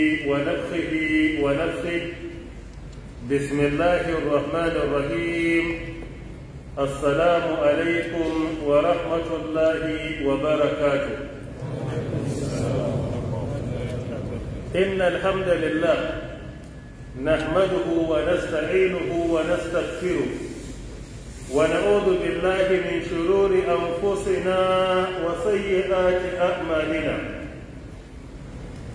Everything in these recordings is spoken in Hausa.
ونفخه ونفخه بسم الله الرحمن الرحيم السلام عليكم ورحمة الله وبركاته إن الحمد لله نحمده ونستعينه ونستغفره ونعوذ بالله من شرور أنفسنا وسيئات أعمالنا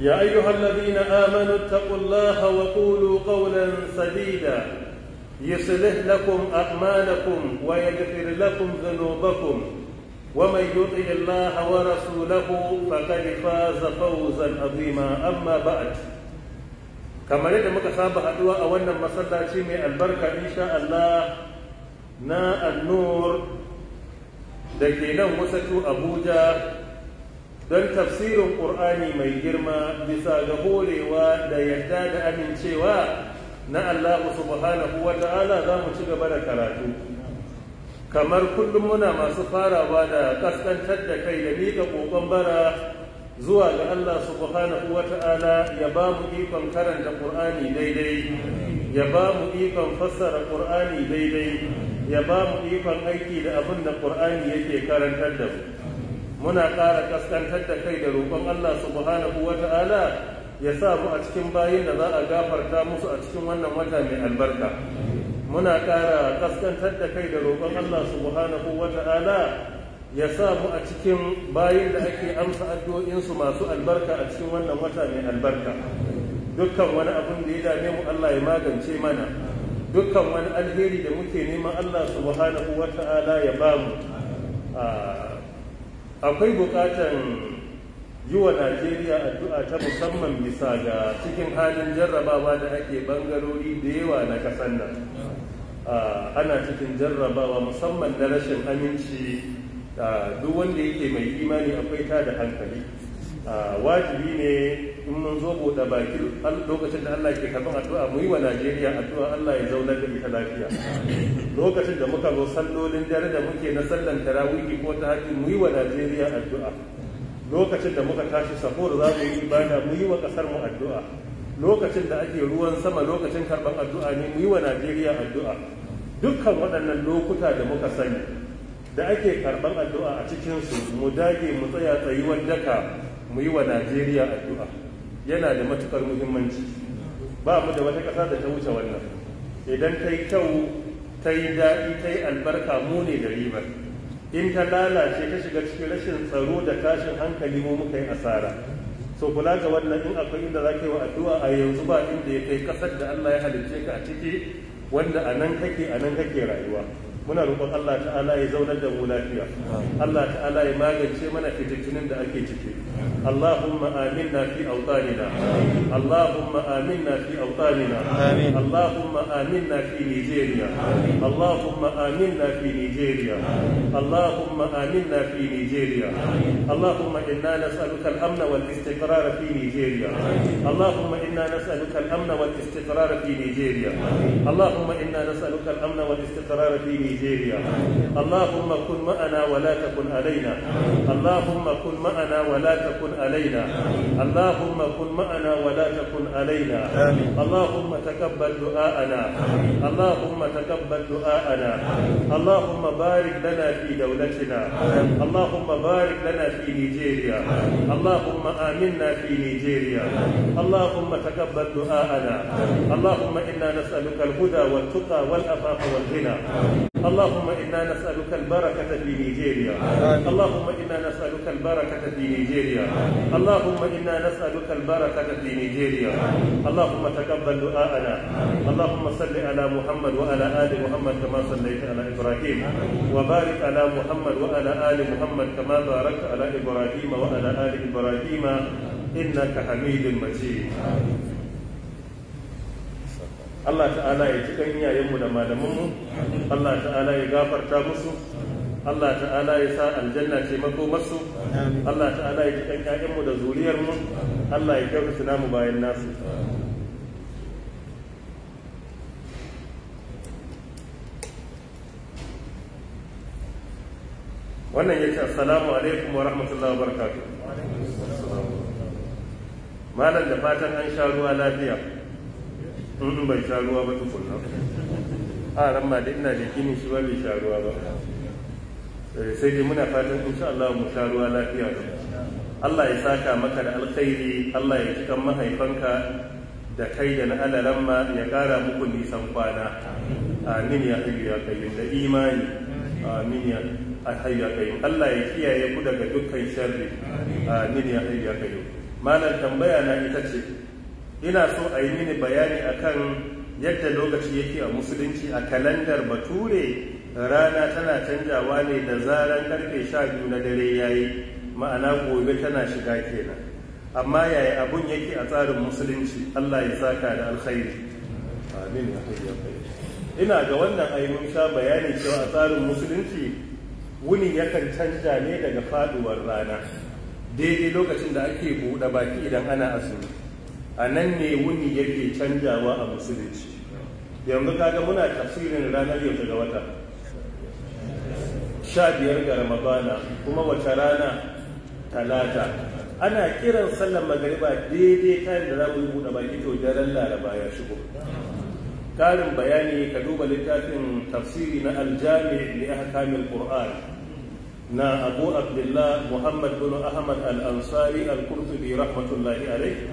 يا أيها الذين آمنوا اتقوا الله وقولوا قولا سديدا يصلح لكم أعمالكم ويغفر لكم ذنوبكم ومن يطع الله ورسوله فقد فاز فوزا عظيما أما بعد kamar yadda muka saba haduwa a wannan masallaci mai albarka insha Allah na annur da ke nan wasatu Abuja don tafsirin ƙur'ani mai girma bisa ga horewa da yadda da amincewa na Allah subhanahu wa ta'ala za mu ci gaba da karatu kamar kullum muna masu farawa da kaskantar da kai da miƙa ƙoƙon bara zuwa ga Allah subhanahu wa ta'ala ya ba mu ikon karanta ƙur'ani daidai ya ba mu ikon fassara ƙur'ani daidai ya ba mu ikon aiki da abin da ƙur'ani yake karantar da mu muna ƙara ƙasƙantar da kai da roƙon Allah subhanahu wa ta'ala ya sa mu a cikin bayin da za a gafarta musu a cikin wannan wata mai albarka muna ƙara ƙasƙantar da kai da roƙon Allah subhanahu wa ta'ala ya sa mu a cikin bayin da ake amsa addu'o'insu masu albarka a cikin wannan wata mai albarka dukkan wani abin da ya dame mu Allah ya magance mana dukkan wani alheri da muke neman Allah subhanahu wa ta'ala ya bamu akwai bukatan yi wa najeriya addu'a ta musamman bisa ga cikin halin jarrabawa da ake bangarori da yawa na kasan nan ana cikin jarrabawa musamman da rashin aminci duk wanda yake mai imani akwai ta da hankali Ah, wajibi ne in mun zo buɗe baki lokacin da Allah ke karɓar addu'a mu yi wa Najeriya addu'a Allah ya zauna da ita lafiya lokacin da muka zo sallolin dare da muke na sallan tarawihi ko ta haji mu yi wa Najeriya addu'a lokacin da muka tashi sahur za mu yi ibada mu yi wa ƙasar mu addu'a lokacin da ake ruwan sama lokacin karɓar addu'a ne mu yi wa Najeriya addu'a dukkan waɗannan lokuta da muka sani da ake karɓar addu'a a cikinsu mu dage mu tsaya tsayuwar daka mu yi wa najeriya addu'a yana da matukar muhimmanci ba mu da wata ƙasa da ta wuce wannan idan ta yi kyau ta yi daɗi ta yi albarka mu ne da ribar in ta lalace ta shiga cikin rashin tsaro da tashin hankali mu muka yi asara so kula ga wannan in akwai inda za ka yi wa addu'a a yanzu ba inda ya kai kasar da allah ya halicce ka a ciki wanda a nan kake a nan kake rayuwa muna roƙon Allah ta'ala ya zaunar da mu lafiya Allah ta'ala ya magance mana fitintunin da ake ciki Allahumma aminna fi awtanina Allahumma aminna fi awtanina Allahumma aminna fi Nigeria Allahumma aminna fi Nigeria Allahumma aminna fi Nigeria Allahumma inna nas'aluka al-amna wal istiqrar fi Nigeria Allahumma inna nas'aluka al-amna wal istiqrar fi Nigeria Allahumma inna nas'aluka amna fi نيجيريا اللهم كن معنا ولا تكن علينا اللهم كن معنا ولا تكن علينا اللهم كن معنا ولا تكن علينا اللهم تقبل دعاءنا اللهم تقبل دعاءنا اللهم بارك لنا في دولتنا اللهم بارك لنا في نيجيريا اللهم آمنا في نيجيريا اللهم تقبل دعاءنا اللهم إنا نسألك الهدى والتقى والأفاق والغنى اللهم إنا نسألك البركة في نيجيريا اللهم إنا نسألك البركة في نيجيريا اللهم إنا نسألك البركة في نيجيريا اللهم تقبل دعاءنا اللهم صل على محمد وعلى آل محمد كما صليت على إبراهيم وبارك على محمد وعلى آل محمد كما باركت على إبراهيم وعلى آل إبراهيم إنك حميد مجيد Allah ta'ala ya ci kan iyayenmu da malamanmu Allah ta'ala ya gafarta musu Allah ta'ala ya sa aljanna ce masu. Allah ta'ala ya ci kan da zuriyarmu Allah ya kyautata namu bayan nasu wannan ya ce assalamu alaikum wa rahmatullahi wa barakatuh malam da fatan an sha ruwa lafiya in bai sha ruwa ba tukunna a ramma da ina da kini shi ba bai sha ruwa ba eh, sai dai muna fatan insha Allah mu sha ruwa lafiya Allah ya saka maka da alkhairi Allah ya cika mahaifanka da kai da na ramma ya kara muku nisan kwana amin ya hayyu ya qayyum da imani amin ya hayyu ya qayyum Allah ya kiyaye ku daga dukkan sharri amin ya hayyu ya qayyum malam tambaya na ita ce ina so a yi mini bayani a kan yadda lokaci yake a musulunci a kalandar bature rana tana canjawa ne da zaran karfe sha biyu na dare yayi ma'ana gobe tana shiga kenan amma yaya abun yake a tsarin musulunci allah ya saka da alkhairi amin ina ga wannan ai mun sha bayani cewa a tsarin musulunci wuni yakan canja ne daga faduwar rana daidai lokacin da ake buɗe baki idan ana azumi a nan ne wuni yake canjawa a musulunci yanzu kaga muna tafsirin ranar yau daga wata sha biyar ga ramadana kuma wata rana talata ana kiran sallar magariba daidai kayan da za mu yi buɗe baki to daren laraba ya shigo karin bayani ka duba littafin tafsiri na aljami a hakamin qur'an na abu abdullah muhammad bin ahmad al-ansari al-kurtubi rahmatullahi alai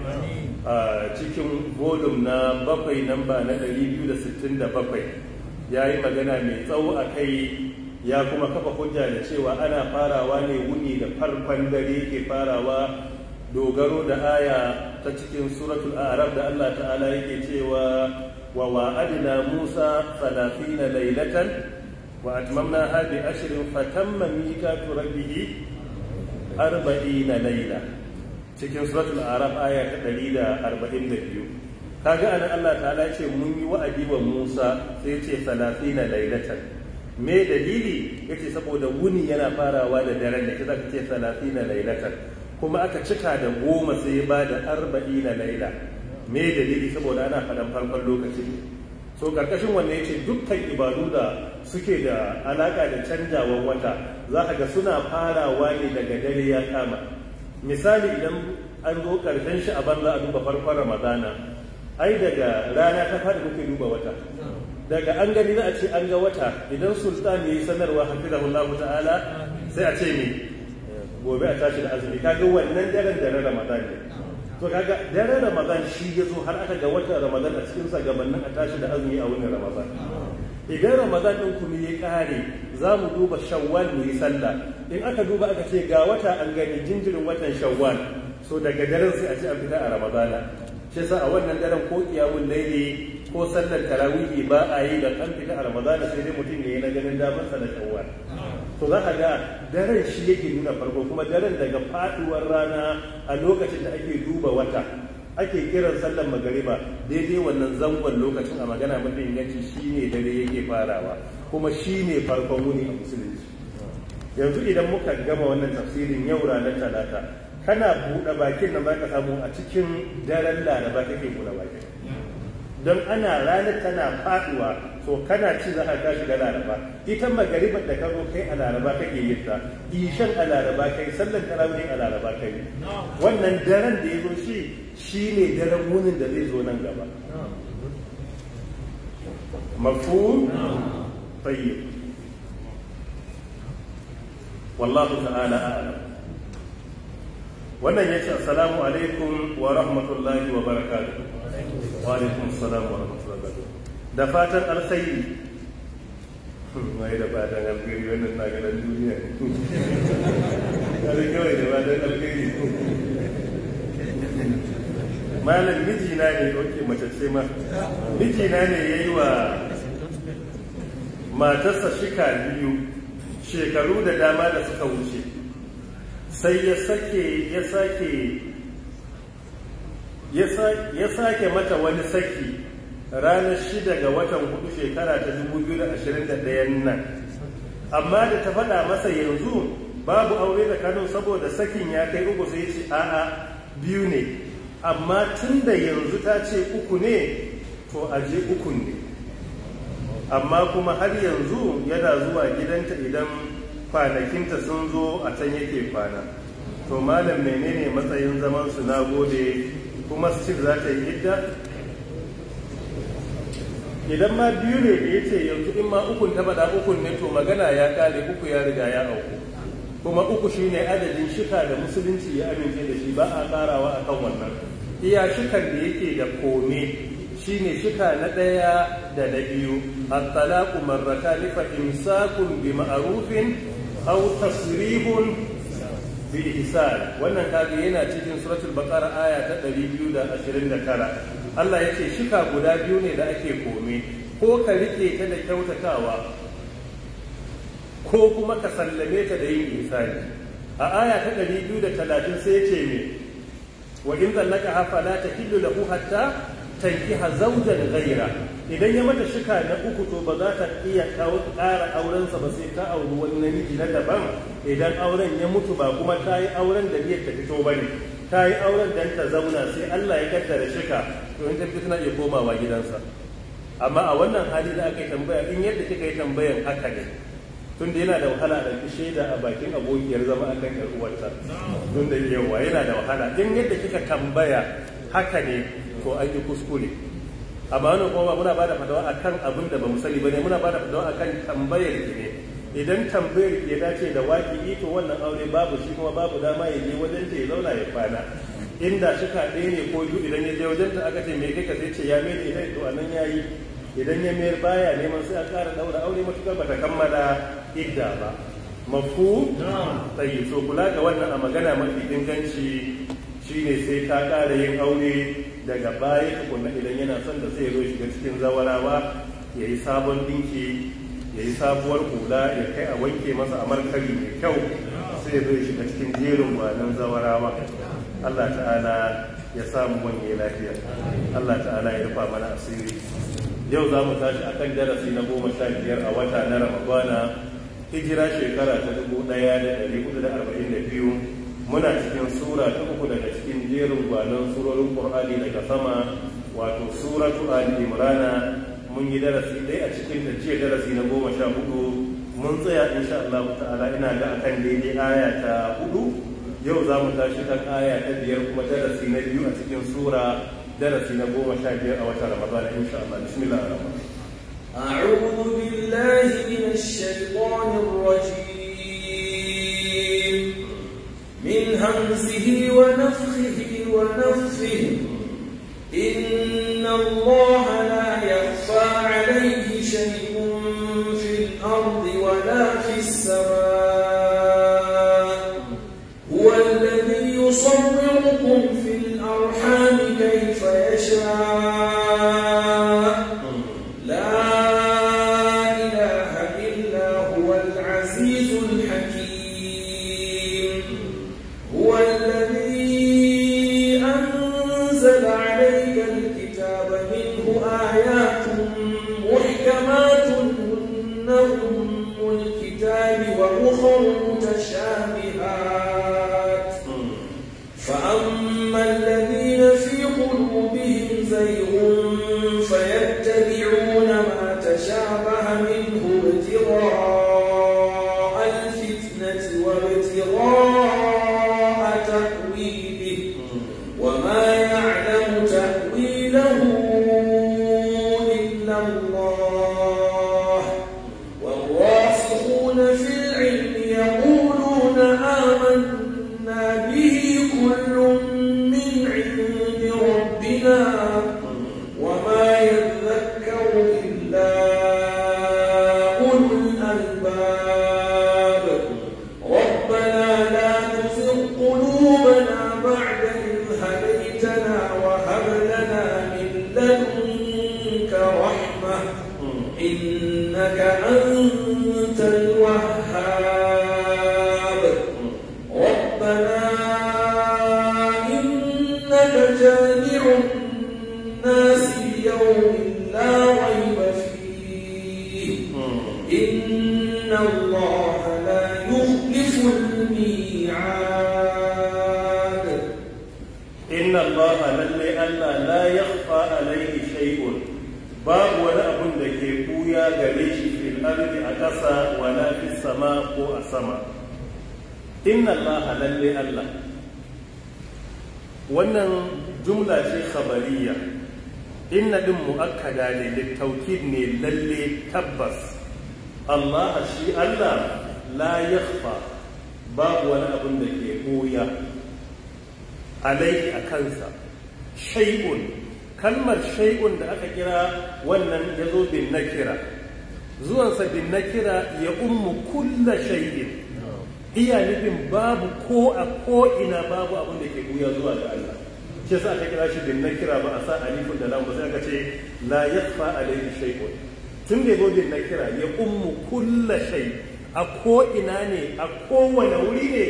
a cikin volum na bakwai namba na 267 ya yi magana mai tsawo a kai ya kuma kafa hujja da cewa ana farawa ne wuni da farkon dare ke farawa dogaro da aya ta cikin suratul arab da allah ta'ala yake cewa wa wa'adina musa 30 lailatan wa هذه ha فتم ميقات fa tamma miqatu 40 layla cikin suratul araf aya ta 142 kaga anan Allah ta'ala ya ce mun yi wa'adi wa Musa sai ya ce 30 lailatan. me dalili yace saboda wuni yana farawa da daren da kaza kace 30 lailatan. kuma aka cika da goma sai ba da 40 laila me dalili saboda ana fadan farkon lokaci so karkashin wanne ce dukkan ibadu da suke da alaka da canjawan wata za a ga suna farawa ne daga dare ya kama misali idan an zo karshen shi a banza a duba farkon ramadana ai daga rana ta fara muke duba wata daga an gani za a ce an ga wata idan sultan ya yi sanarwa hafizahullahu ta'ala sai a ce me gobe a tashi da azumi Ka ga wannan daren da na ne to kaga daren ramadan shi ya zo har aka ga watan ramadan a cikin sa nan a tashi da azumi a wannan ramadan idan ramadan din kuma ya kare za mu duba shawwal mu sallah in aka duba aka ce ga wata an gani jinjirin watan shawwal so daga daren sai a ci an fita a ramadan shi yasa a wannan daren ko kiyamun laili ko sallar tarawihi ba a yi da kan fita a ramadana sai dai mutum ne na ganin damar sa da shawwal to za a ga daren shi yake nuna farko kuma daren daga faduwar rana a lokacin da ake duba wata ake kiran sallar magariba daidai wannan zangon lokacin a magana mafi inganci shi ne dare yake farawa kuma shi ne farkon wuni a musulunci yanzu idan muka gama wannan tafsirin yau ranar talata kana buɗe bakin nan baka samu a cikin daren laraba kake buɗe bakin don ana ranar tana faduwa to kana ci za a tashi da laraba ita magaribar da ka zo kai a laraba kake yin ta ishan a laraba kai sallan tarawih a laraba kai wannan daren da ya zo shi shine daren wunin da zai zo nan gaba mafhum tayyib wallahu ta'ala a'lam wannan yace assalamu alaikum wa rahmatullahi wa barakatuh wa alaikum assalam wa rahmatullahi da fatan alkhairi mai da fatan alkhairi wannan na ganin duniya ne kawai da fatan alkhairi malam mijina ne oke mace ce ma mijina ne ya yi wa matarsa shika biyu shekaru da dama da suka wuce sai ya sake ya sake ya sake mata wani saki ranar shida ga watan hudu shekara ta 2021 nan amma da ta faɗa masa yanzu babu aure da Kano saboda sakin ya kai uku sai ce a'a biyu ne amma tun da yanzu ta ce uku ne to aje uku ne amma kuma har yanzu yana zuwa gidanta idan kwanakinta sun zo a can yake kwana to malam menene matsayin zaman su na gode kuma su za ta yi idda idan ma biyu ne da ya ce yanzu in ma ukun ta faɗa ukun ne to magana ya kare uku ya riga ya auku kuma uku shine adadin shika da musulunci ya amince da shi ba a ƙarawa a kan wannan iya shikan da yake da kome shine shika na ɗaya da na biyu at-talaqu ni fa imsakun bi ma'arufin aw tasrihun bi ihsan wannan kaga yana cikin suratul baqara aya ta 229 Allah ya ce shika guda biyu ne da ake kome ko ka rike ta da kyautatawa ko kuma ka sallame ta da yin misali a aya ta ɗari biyu da talatin sai ce me wa in zallaka hafa la ta hillu lahu hatta tankiha zaujan ghaira idan ya mata shika na uku to ba za ta iya ƙara aurensa ba sai ta auri wani namiji na daban idan auren ya mutu ba kuma ta yi auren da biyar ta fito ba ne ta yi auren da ta zauna sai Allah ya kaddara shika to in ta tana iya komawa gidansa amma a wannan hali da aka yi tambaya in yadda kika yi tambayan haka ne tun da yana da wahala da ki shaida a bakin abokiyar zama akan yar uwarta tun da yawa yana da wahala in yadda kika tambaya haka ne to an yi kuskure amma wannan kuma muna bada fadawa akan abin da ba mu sani bane muna bada fadawa akan tambayar ki ne idan tambayar ya dace da waki ito eh wannan aure babu shi kuma babu dama ya je wajen ta ya zauna ya kwana inda suka ɗaya ne ko biyu idan ya je wajen ta aka ce me kai ka sai ce ya mai da to anan yi idan ya mayar baya neman sai a ƙara ɗaura aure matuƙar bata kammala idda ba mafu tsayi so kula ga wannan a magana mafi inganci shine sai ta ƙara yin aure daga baya tukunna idan yana son da sai ya zo shiga cikin zawarawa ya yi sabon dinki ya yi sabuwar hula ya kai a wanke masa a markari mai kyau sai zai shiga cikin jerin gwanin zawarawa Allah ta'ala ya samu wani lafiya Allah ta'ala ya rufa mana asiri yau za mu tashi a kan darasi na goma sha biyar a wata na ramadana hijira shekara ta dubu ɗaya da ɗari hudu da arba'in da biyu muna cikin sura ta uku daga cikin jerin gwanon surorin ƙur'ani daga sama wato suratu ali imrana mun yi darasi ɗaya a cikin ta jiya darasi na goma sha hudu mun tsaya insha Allah ta'ala ina ga akan daidai aya ta hudu yau za mu tashi kan aya ta biyar kuma darasi na biyu a cikin sura darasi na goma sha biyar a watan ramadana insha Allah bismillah ar-rahman أعوذ بالله من الشيطان الرجيم إن الله لا يخفى عليه شيء shay'un da aka kira wannan ya zo bin nakira zuwansa bin nakira ya ummu kulla shay'in iya nufin babu ko a ko babu abin da ke buya zuwa ga Allah ce sa aka kira shi bin nakira ba a sa alifun da lamu sai aka ce la yafa alayhi shay'un tun da yazo bin nakira ya ummu kulla shay a ko'ina ina ne a kowane wuri ne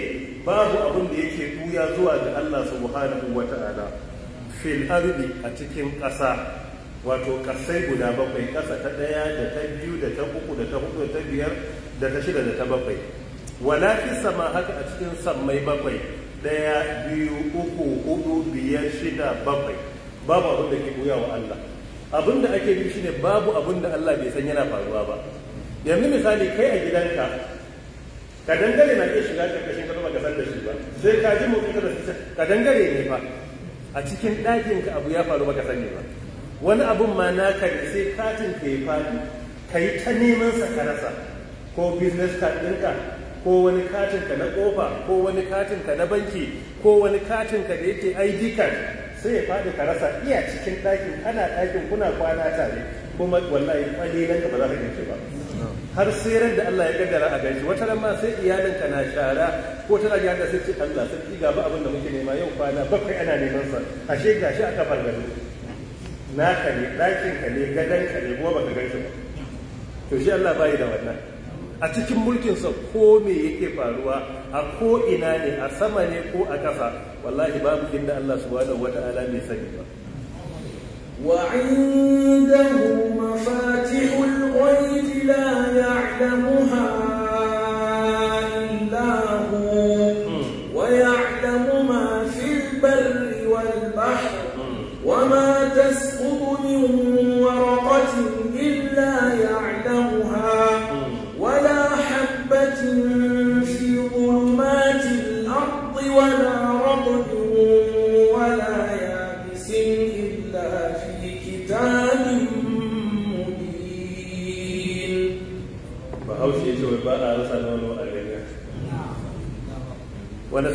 babu abin da yake buya zuwa ga Allah subhanahu wata'ala fil ardi a cikin ƙasa wato ƙasai guda bakwai ƙasa ta ɗaya da ta biyu da ta uku da ta hudu da ta biyar da ta shida da ta bakwai wala fi sama haka a cikin sammai bakwai ɗaya biyu uku hudu biyar shida bakwai babu abin da ke buya wa Allah abin da ake yi shine babu abin da Allah bai san yana faruwa ba yanzu misali kai a gidanka ka dangare na iya shiga karkashin ka ba ka san da shi ba sai ka ji mutum da ka dangare ne fa a cikin ɗakinka, abu ya faru baka sani ba wani abun ma naka ne sai katin ka yi faɗi ka yi ta neman sa ka rasa ko business card ɗinka ko wani katin ka na ƙofa ko wani katin ka na banki ko wani katin ka da yake ID card sai ya faɗi ka rasa iya cikin ɗakin kana ɗakin kuna kwana tare kuma wallahi kwalilan ka ba za ka ba har sai ran da Allah ya gaddara a gaishe wata ran ma sai iyalinka na shara ko tana ga da sai ce Allah sai ga ba abin da muke nema yau kwana bakwai ana neman sa ashe gashi a kafar gado ka ne dakin ka ne gadan ka ne kuma baka gaishe ba to shi Allah bai da wannan a cikin mulkin sa ko me yake faruwa a ko ina ne a sama ne ko a ƙasa wallahi babu inda Allah subhanahu wata'ala bai sani ba وعنده مفاتح الغيب لا يعلمها kitabin mubin a rasa na wani algaga wani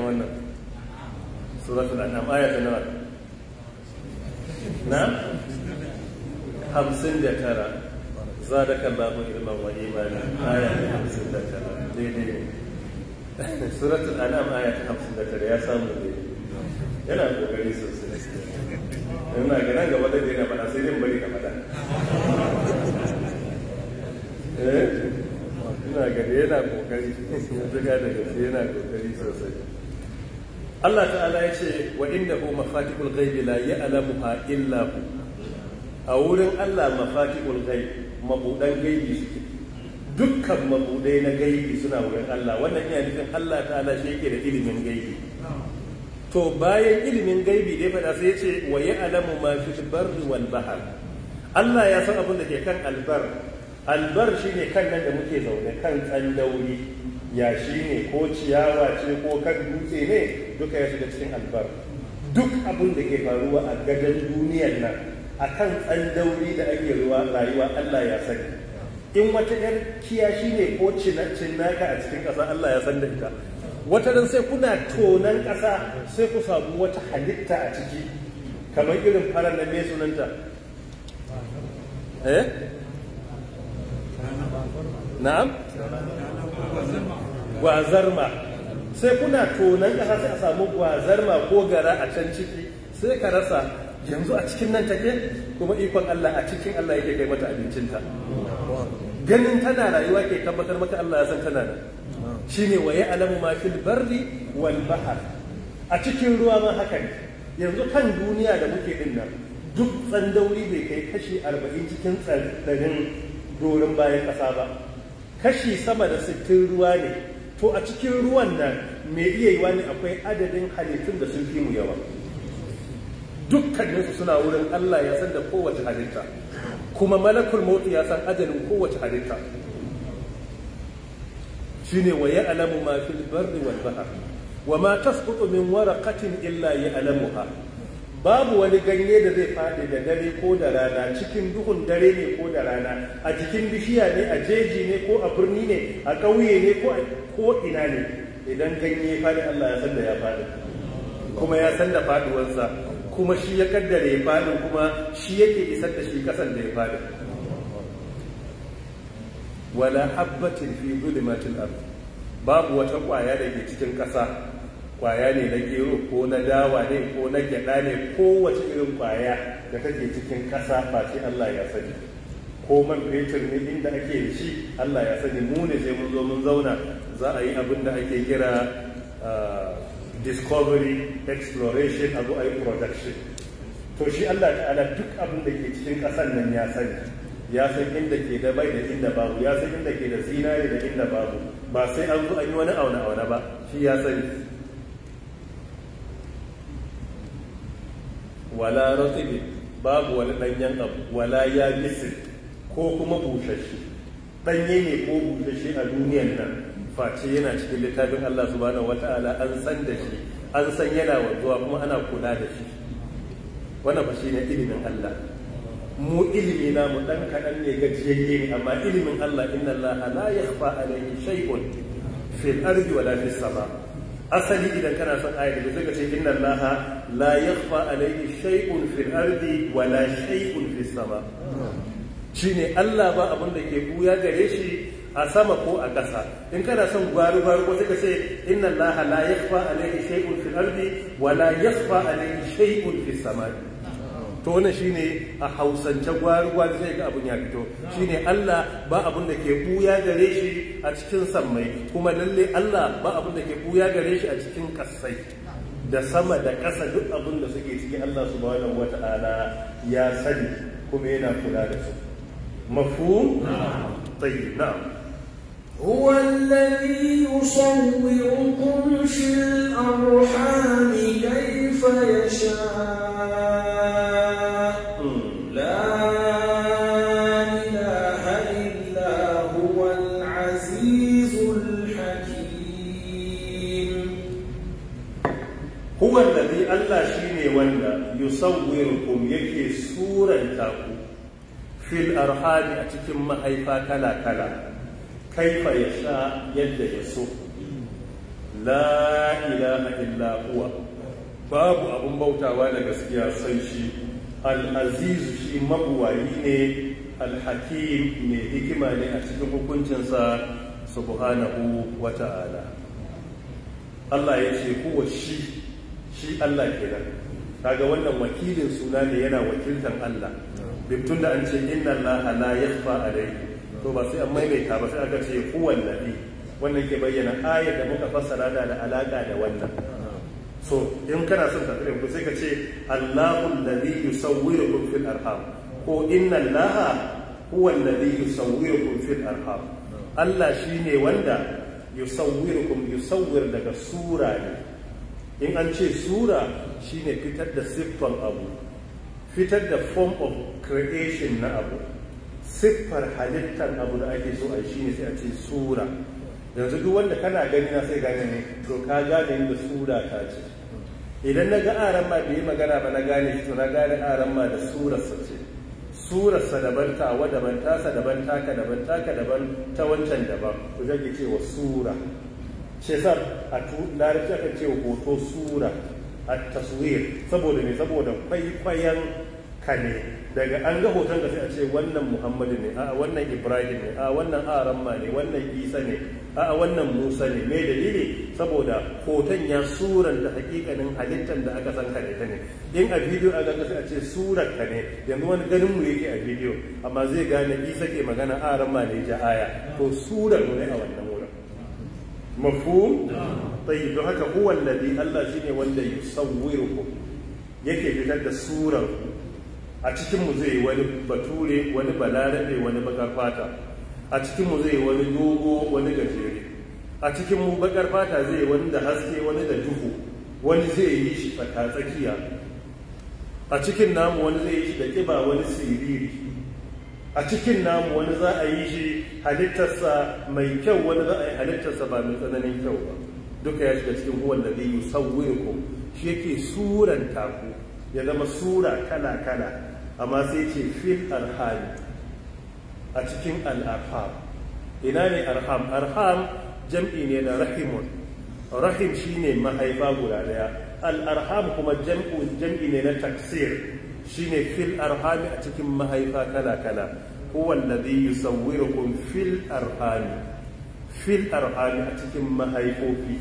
wannan suratul an'am aya ta nawa na hamsin da tara zadaka Allahu ilman wa imana aya ta hamsin da tara daidai hamsin da tara ya samu yana da kokari sosai yana ga nan gaba da daina bana sai dai bari ka fada eh ina ga yana kokari zuga da gaske yana kokari sosai Allah ta'ala ya ce wa inda innahu mafatihul ghaibi la ha illa hu a wurin Allah mafatihul ghaib mabudan gaibi suke dukkan mabudai na gaibi suna wurin Allah wannan yana nufin Allah ta'ala shi yake da ilimin gaibi to bayan ilimin gaibi dai ya faɗa sai ya ce wa ya alamu ma fi barri wal bahr Allah ya san abin da ke kan albar albar shine kan nan da muke zaune kan tsandauri yashi ne ko ciyawa ce ko kan dutse ne duka ya shiga cikin albar duk abin da ke faruwa a gadon duniyar nan a kan tsandauri da ake ruwa rayuwa Allah ya sani in wata yar kiya shine ko naka a cikin ƙasa Allah ya san da ita wata ran sai kuna tonan ƙasa sai ku samu wata halitta a ciki kamar irin farar na mai sunanta eh na'am gwazarma sai kuna tonan ƙasa sai a samu gwazarma ko gara a can ciki sai ka rasa yanzu a cikin nan take kuma ikon Allah a cikin Allah yake kai mata abincinta ganin tana rayuwa ke tabbatar maka Allah ya san tana da Shi wa waye alamu ma fil barri wal bahr a cikin ruwa ma haka ne yanzu kan duniya da muke din nan duk tsandauri bai kai kashi 40 cikin tsarin dorin bayan kasa ba kashi sama da 60 ruwa ne to a cikin ruwan nan me iya yiwa ne akwai adadin halittun da sun fi mu yawa dukkaninsu suna wurin Allah ya san da kowace halitta kuma malakul mauti ya san ajalin kowace halitta shine wa alamu ma fil barri wal bahr wa ma tasqutu min waraqatin illa ha? babu wani ganye da zai faɗi da dare ko da rana cikin duhun dare ne ko da rana a jikin bishiya ne a jeji ne ko a birni ne a ƙauye ne ko ina ne idan ganye faɗi Allah ya san da ya faɗi kuma ya san da faduwarsa kuma shi ya kaddare ya fadin kuma shi yake isar da shi kasan da ya fadin wala habbatin fi zulumatil ard babu wata kwaya da ke cikin kasa kwaya ne na gero ko na dawa ne ko na gyada ne kowace irin kwaya da take cikin kasa ba sai Allah ya sani ko man fetur ne inda ake da shi Allah ya sani mu ne sai mun zo mun zauna za a yi abin da ake kira ah, discovery exploration abu a production to shi Allah ta'ala duk abin da ke cikin kasar nan ya sani ya san inda ke da bai da inda babu ya san inda ke da zinare da inda babu ba sai an zo an yi wani auna auna ba shi ya sani wala ratibi babu wani danyen abu wala ya misi ko kuma bushashe danye ne ko bushashe a duniyan nan face yana cikin littafin Allah subhanahu wata'ala an san da shi an san yana wanzuwa kuma ana kula da shi wannan fa shine ilimin Allah mu ilimi na mu dan kadan ne gajiyayye ne amma ilimin Allah inna Allah la yakhfa alayhi shay'un fil ardi wala fis sama asali idan kana son ayar da zaka ce inna Allah la yakhfa alayhi shay'un fil ardi wala shay'un fis sama shine Allah ba abun da ke buya gare shi a sama ko a ƙasa in kana son gwaru gwaru ko suka ce inna Allah la yakhfa alayhi shay'un fil ardi wa la yakhfa alayhi shay'un fis samai to wannan shine a hausance gwaru gwaru sai ga abun ya fito shine Allah ba abun da ke buya gare shi a cikin sammai kuma lalle Allah ba abun da ke buya gare shi a cikin kasai da sama da ƙasa duk abun da suke ciki Allah subhanahu wata'ala ya sani kuma yana kula da su mafhum tayyib na'am هو الذي يصوركم في الأرحام كيف يشاء لا إله إلا هو العزيز الحكيم هو الذي الله شيني ولا يصوركم يكي سورة تاكو في الأرحام أتكم هيفا كلا كلا kaifa ya sha yadda ya so la ilaha illa huwa babu abun bautawa da gaskiya sai shi Al'azizu azizu shi mabuwayi ne al-hakim mai hikima ne a cikin hukuncinsa subhanahu wa Ala. Allah ya ce kuwa shi shi Allah kenan kaga wannan wakilin suna ne yana wakiltar Allah duk tunda an ce inna Allah la yakhfa alayhi to ba sai an maimaita ba sai aka ce huwan nabi wannan ke bayyana ayar da muka fassara da alaka da wannan so in kana son ka tsare sai ka ce Allahu alladhi yusawwirukum fil arham ko inna Allaha huwa alladhi yusawwirukum fil arham Allah shine wanda yusawwirukum yusawwir daga sura ne in an ce sura shine fitar da siffan abu fitar da form of creation na abu siffar halittar abu da ake so a yi shine sai a ce sura yanzu duk wanda kana gani na sai gane ne to ka gane da sura ta ce idan na ga aran ma bai magana ba na gane to na gane aran ma da surarsa ce surarsa daban tawa daban tasa daban taka daban taka daban ta wancan daban ku zage cewa sura ce sa a larabci aka ce hoto sura a taswir saboda mai saboda kwaikwayon ka ne daga an ga hoton ka sai a ce wannan muhammadu ne a wannan ibrahim ne a wannan aramma ne wannan isa ne a wannan musa ne Mai dalili saboda hoton ya suran da hakikanin halittar da aka san halitta ne in a bidiyo a ga sai a ce surar ka ne yanzu wani ganin mu yake a bidiyo amma zai gane isa ke magana aramma ne ja aya to surar ne a wannan wurin mafhum tayyib don haka huwa alladhi Allah shine wanda yusawwirukum yake fitar da surar a cikinmu zai wani bature wani balarabe wani bakar fata a cikinmu zai wani dogo wani gajere a cikinmu bakar fata zai wani da haske wani da duhu wani zai yi shi fata tsakiya a cikin namu wani zai yi shi da ƙiba wani siriri a cikin namu wani za a yi shi halittarsa mai kyau wani za a yi halittarsa ba mai tsananin kyau ba duka ya shiga cikin huwan da zai yi sauwirku shi yake suranta ku ya zama sura kala-kala amma sai ce fil arham a cikin al'arham ina ne arham arham jam'i ne na rahimun rahim shine mahaifa guda daya al'arham kuma jam'i ne na taksir shine fil arhami a cikin mahaifa kala kala huwa alladhi yusawwirukum fil arhami fil arhami a cikin mahaifofi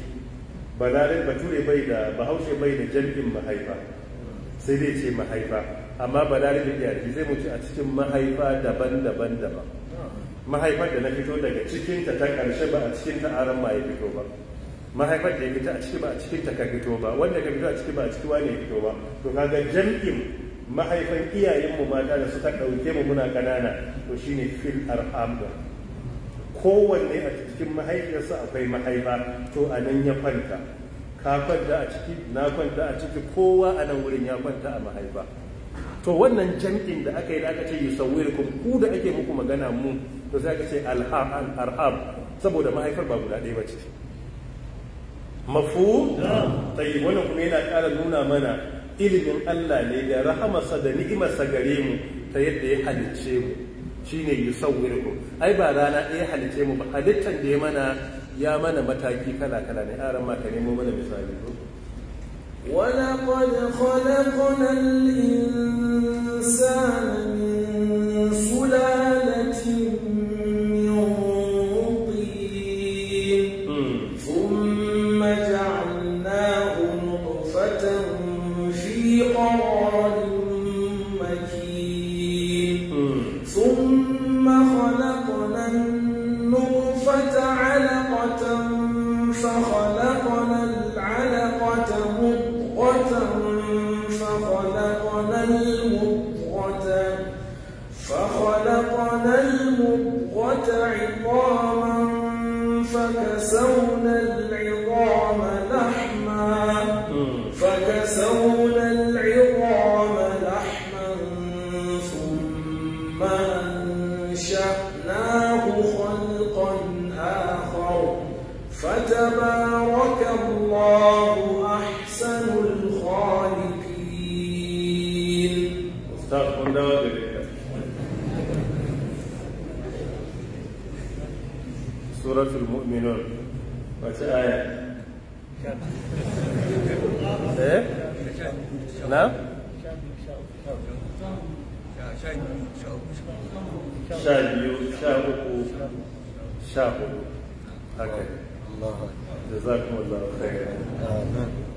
balare bature bai da bahaushe bai da jam'in mahaifa sai dai ce mahaifa amma balarabe yaji zai mutu a cikin mahaifa daban-daban daban mahaifar da na fito daga cikinta ta ƙarshe ba a cikin ta'aran ma ya fito ba mahaifar da ya fita a ciki ba a cikin ta ka fito ba wanda ka fito a ciki ba a ciki wane ya fito ba to kaga jam'in mahaifan iyayenmu mata da suka ɗauke mu muna ƙanana to shine fil arham kowanne a cikin mahaifiyarsa akwai mahaifa to a nan ya kwanta ka kwanta a ciki na kwanta a ciki kowa a nan wurin ya kwanta a mahaifa to wannan jam'in da aka yi da aka ce yusawwirukum ku da ake muku magana mu to sai aka ce alham saboda mahaifar ba guda ɗaya ba ce mafu tayi wannan kuma yana ƙara nuna mana ilimin Allah ne da rahamarsa da ni'imarsa gare mu ta yadda ya halice mu shine ku. ai ba rana ya halice mu ba halittar da ya mana ya mana mataki kala kala ne aran ma ka mana misali ولقد خلقنا الإنسان من سلالة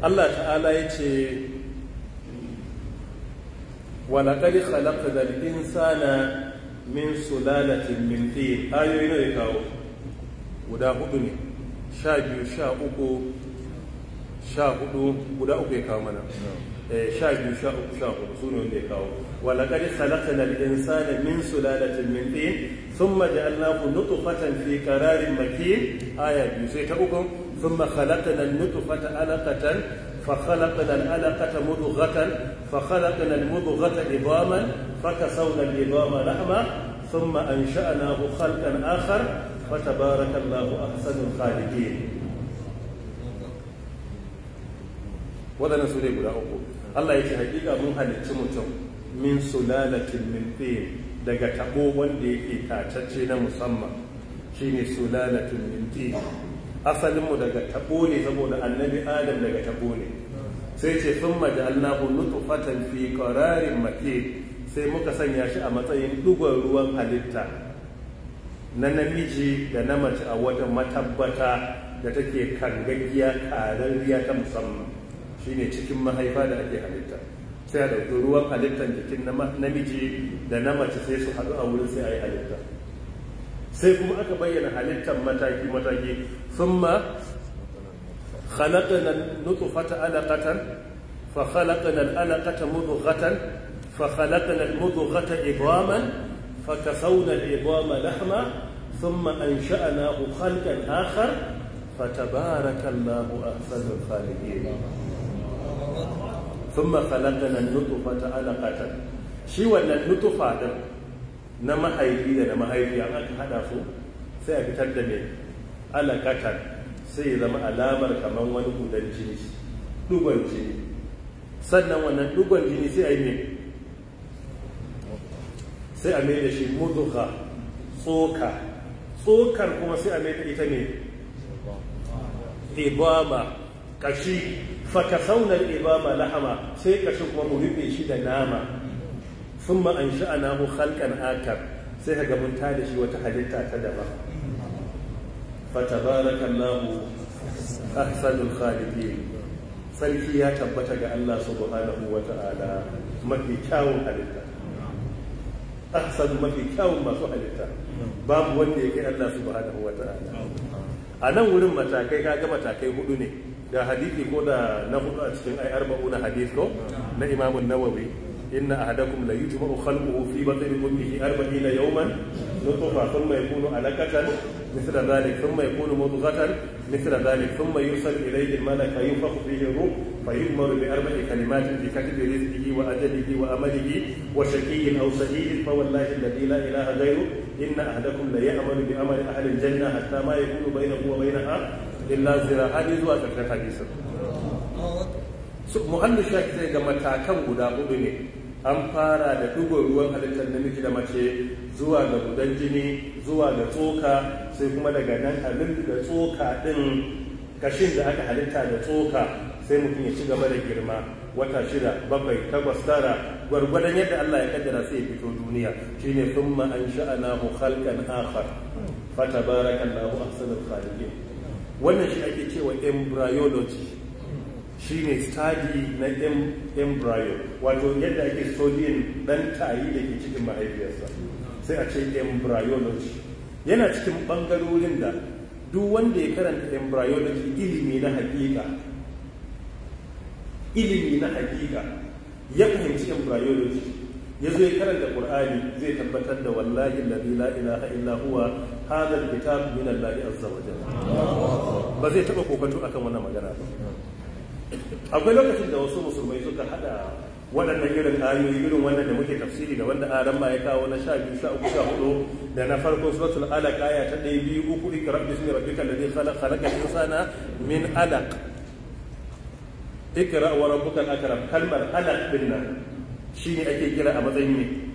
Allah ta'ala ya ce walaƙari halatta da insana min sulalatin min tin ayoyi ne ya kawo guda hudu ne sha biyu sha uku sha hudu guda uku ya kawo mana eh, sha biyu sha uku sha hudu su ne wanda ya kawo walaƙari halatta da sana min sulalatin min tin ثم جعلناه نطفة في قرار مكين آية بيسي تأكم ثم خلقنا النطفة علقة فخلقنا العلقة مضغة فخلقنا المضغة عظاما فكسونا العظام لحما ثم أنشأناه خلقا آخر فتبارك الله أحسن الخالقين ولا su بلا guda الله يتحقق من هل hakika mun halicci mutum daga tabo wanda yake tacacce na musamman shine sulalatun minti asalin asalinmu daga tabo ne saboda annabi adam daga tabo ne sai ce sun maja'alnahu nutfatan fi qararin mace sai muka sanya shi a matsayin dugon ruwan halitta na namiji da na mace a wata matabbata da take kangaggiya ƙararriya ta musamman shine cikin mahaifa da ake halitta sai a ɗauki ruwan halittar jikin namiji da na mace sai su haɗu a wurin sai a yi halitta sai kuma aka bayyana halittar mataki-mataki sun ma khalaƙinan nutufata alaƙatan fa khalaƙinan alaƙata mudughatan fa khalaƙinan mudughata idwaman fa kasaunan idwama lahma sun ma an ثم أنشأناه خلقا آخر فتبارك الله أحسن الخالقين ثم خلقنا النطفة علقة شي shi wannan nutfa din na mahaifi da na mahaifi an aka hada su sai a fitar da me alaqatan sai ya zama alamar kamar wani kudan jini dugon jini sannan wannan dugon jini sai a yi ne sai a mai da shi muduha tsoka tsokar kuma sai a mai da ita ne ibama kashi fakasaunar ibama lahama sai kashin kuma mu rufe shi da nama sun ma'an sha'ana mu halkan akar sai ka gamun ta da shi wata halitta ta daban fatabarakan namu ahsanul khalidin sarki ya tabbata ga Allah subhanahu wa ta'ala mafi kyawun halitta ahsanu mafi kyawun masu halitta babu wanda ya kai Allah subhanahu wa ta'ala a nan wurin matakai kaga matakai hudu ne da hadithi ko da na hudu a cikin ai arba'una hadith ko na Imam Nawawi inna ahadakum la yujma'u khalquhu fi batni ummihi 40 yawman nutfa thumma yakunu alaqatan mithla dhalik thumma yakunu mudghatan mithla dhalik thumma yusal ilayhi al-malak fayunfakhu fihi ruh fayumaru bi arba'i kalimatin fi katbi rizqihi wa ajalihi wa amalihi wa shaqiyyin aw sa'idin fa wallahi alladhi la ilaha ghayruhu inna ahadakum la ya'malu bi illa zira'ani zuwa ƙarshen hadisin su muhallu zai ga matakan guda hudu ne an fara da dugon ruwan halittar namiji da mace zuwa ga gudan jini zuwa ga tsoka sai kuma daga nan halittu da tsoka din kashin da aka halitta da tsoka sai mutum ya ci gaba da girma wata shida bakwai takwas tara gwargwadon yadda Allah ya kaddara sai ya fito duniya shine thumma an sha'ana khalqan akhar fatabaraka Allahu ahsanul khaliqin wannan shi ake cewa embryology shi ne study na embryo wato yadda ake sojin dan tayi da ke cikin mahaifiyarsa sai a ce embryology yana cikin bangarorin da duk wanda ya karanta embryology ilimi na hakika ilimi na hakika ya fahimci embryology ya zo ya karanta ƙur'ani, zai tabbatar da wallahi la ilaha illa huwa هذا الكتاب من الله عز وجل ba zai taɓa kokanto akan wannan magana ba akwai lokacin da wasu musulmai suka hada waɗannan irin ayoyi irin wannan da muke tafsiri da wanda aran ma ya kawo na sha biyu sha uku sha hudu da na farko suratul alaq aya ta ɗaya biyu uku ikra bismi rabbikal ladhi khalaq khalaqal insana min alaq ikra wa rabbukal akram kalmar alaq din nan shine ake kira a matsayin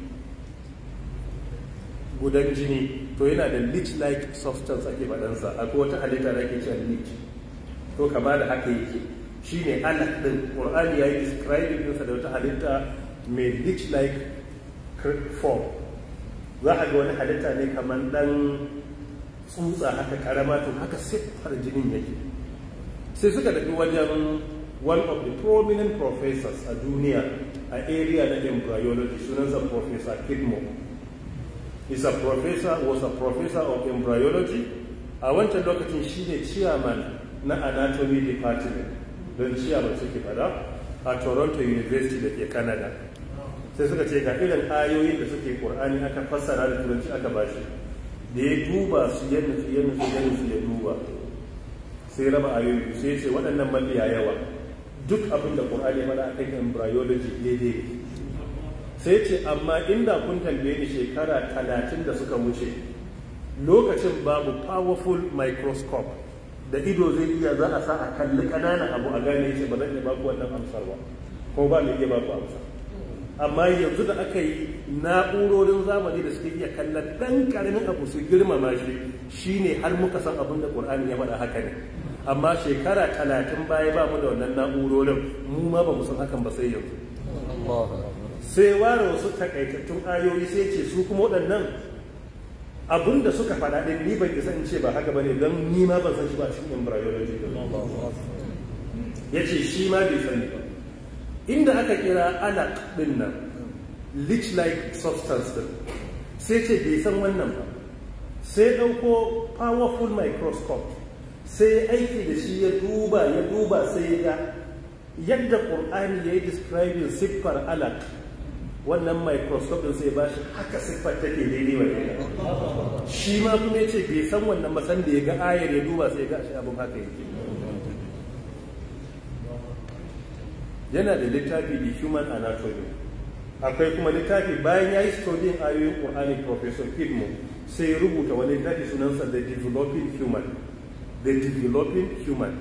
gudan jini to yana da leech like substance ake a akwai wata halitta da ake cewa leech to kama da haka yake shi ne din qur'ani ya yi describing ɗinsa da wata halitta mai leech like form za a ga wani halitta ne kamar ɗan tsutsa haka karama to haka siffar jinin yake sai suka tafi wajen one of the prominent professors a duniya a area na embryology sunansa professor kidmore is a professor was a professor of embryology a wancan lokacin shine chairman na anatomy department don chairman suke fada a toronto university da ke canada sai suka ce ga irin ayoyin da suke ƙur'ani aka fassara da turanci aka bashi da ya duba su yadda su yadda su yadda su ya duba sai raba ayoyi sai ce waɗannan malliya yawa duk abin da ƙur'ani mana akan embryology daidai sai ce amma inda kun tambaye ni shekara talatin da suka wuce lokacin babu powerful microscope da ido zai iya za a sa a kalli kanana abu a gane ce ba zan iya baku wannan amsar ba ko ba mai iya baku amsa amma yanzu da aka yi na'urorin zamani da suke iya kallon ɗan karamin abu su girmama shi shi ne har muka san abin da ƙur'ani ya faɗa haka ne amma shekara talatin baya ba mu da wannan na'urorin mu ma ba mu san hakan ba sai yanzu sai ware wasu takaitattun ayoyi sai ce su kuma waɗannan abin da suka faɗa ɗin ni ban isa in ce ba haka bane don ni ma ban san shi ba cikin embryology ya ce shi ma bai sani ba inda aka kira alaq ɗin nan leech like substance ɗin sai ce bai san wannan ba sai ɗauko powerful microscope sai aiki da shi ya duba ya duba sai ya ga yadda ƙur'ani ya yi describing siffar alaq wannan microscope din sai ba shi haka siffar take daidai wa shi ma kuma yace bai san wannan ba san da ya ga ayar ya duba sai ya ga shi abin haka yake yana da littafi the human anatomy akwai kuma littafi bayan ya yi studying ayoyin Qur'ani Professor kidmo sai rubuta wani littafi sunansa The Developing Human The Developing Human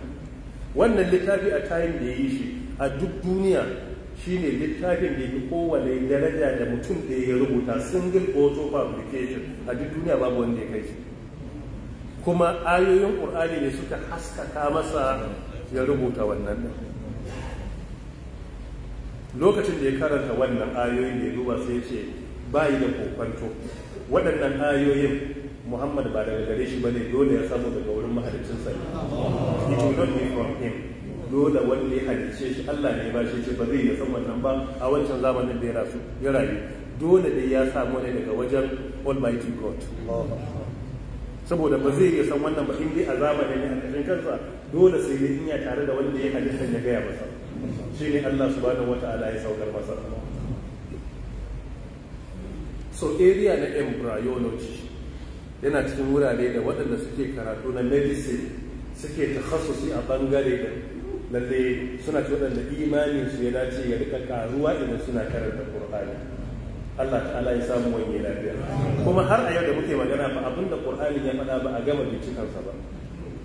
wannan littafi a time da ya yi shi a duk duniya shine littafin da yi kowane daraja da mutum da ya rubuta single auto fabrication a duk duniya babu wanda ya kai shi kuma ayoyin ƙur'ani ne suka haskaka masa ya rubuta wannan da lokacin da ya karanta wannan ayoyin da ya duba sai ce bayi da kokwanto waɗannan ayoyin muhammad ba daga gare shi bane dole ya samu daga wurin mahalicinsa it from him dole wanda ya hadice shi Allah ne ba shi ce ba zai san wannan ba a wancan zamanin da ya rasu ya rayu dole dai ya samu ne daga wajen almighty god saboda ba zai iya san wannan ba in dai a zamanin ne a cikin kansa dole sai ya in tare da wanda ya hadice ya gaya masa shine Allah subhanahu wataala ya saukar masa so area na embryology yana cikin wurare da waɗanda suke karatu na medicine suke takhasusi a bangare da lalle suna ci waɗanda imanin su ya dace ya rika karuwa idan suna karanta qur'ani Allah ta'ala ya samu wani lafiya kuma har a yau da muke magana ba da qur'ani ya faɗa ba a gama bincikansa ba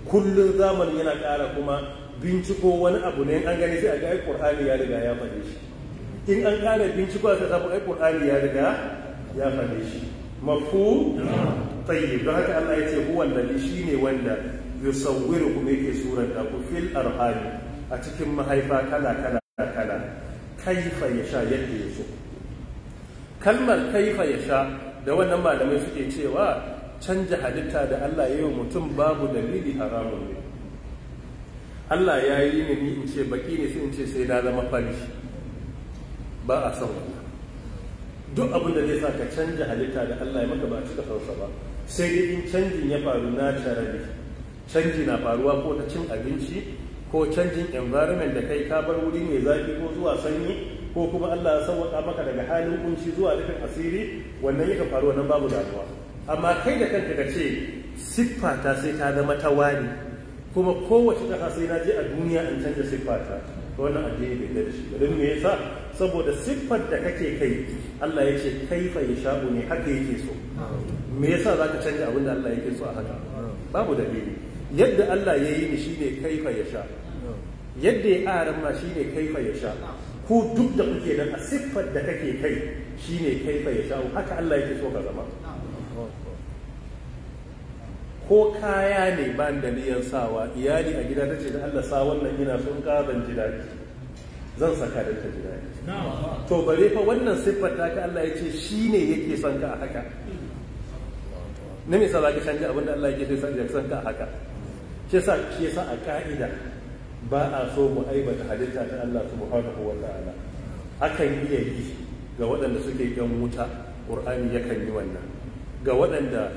kullum zamani yana ƙara kuma binciko wani abu ne an gani sai a ga ai qur'ani ya riga ya faɗe shi in an ƙara binciko a sabu ai qur'ani ya riga ya faɗe shi mafu tayyib don haka Allah ya ce huwa shine wanda yusawwirukum yake suranta ku fil arhami a cikin mahaifa kala kala kala kaifa ya sha yadda ya so kalmar kaifa ya sha da wannan malamai suke cewa canja halitta da Allah ya yi mutum babu dalili haramun ne Allah ya yi ne ni in ce baki ne sun ce sai na zama fari ba a son wannan duk abin da zai sa ka canja halitta da Allah ya maka ba ci da ba sai dai in canjin ya faru na tare canji na faruwa ko ta cin abinci ko canjin environment da kai ka bar wuri mai zafi ko zuwa sanyi ko kuma Allah ya sauwaka maka daga halin kunci zuwa rufin asiri wannan yakan faru wannan babu damuwa amma kai da kanka ka ce siffa ta sai ta zama ta wani kuma kowace ta sai na je a duniya in canja siffa ta wannan addini bai da shi don me yasa saboda siffar da kake kai Allah ya ce kaifa shabu ne haka yake so me yasa zaka canja abin da Allah yake so a haka babu dalili yadda Allah ya yi ni shi ne kaifa ya sha yadda ya ƙaran ma shi ne kaifa ya sha Ko duk da kuke nan a siffar da kake kai shi ne kaifa ya sha haka Allah yake so ka zama ko kaya ne ban da niyan sawa iyali a gida tace da Allah sa wannan ina son ƙaran ji zan saka da ta ji to bare fa wannan siffar ta ka Allah ya ce ne yake son ka a haka na me sa za ka canja abin da Allah yake so ka san ka a haka Kisa yasa a ka'ida ba a so mu aibata halitta ta Allah subhanahu wa ta'ala akan iya yi ga waɗanda suke yan wuta qur'ani yakan yi wannan ga waɗanda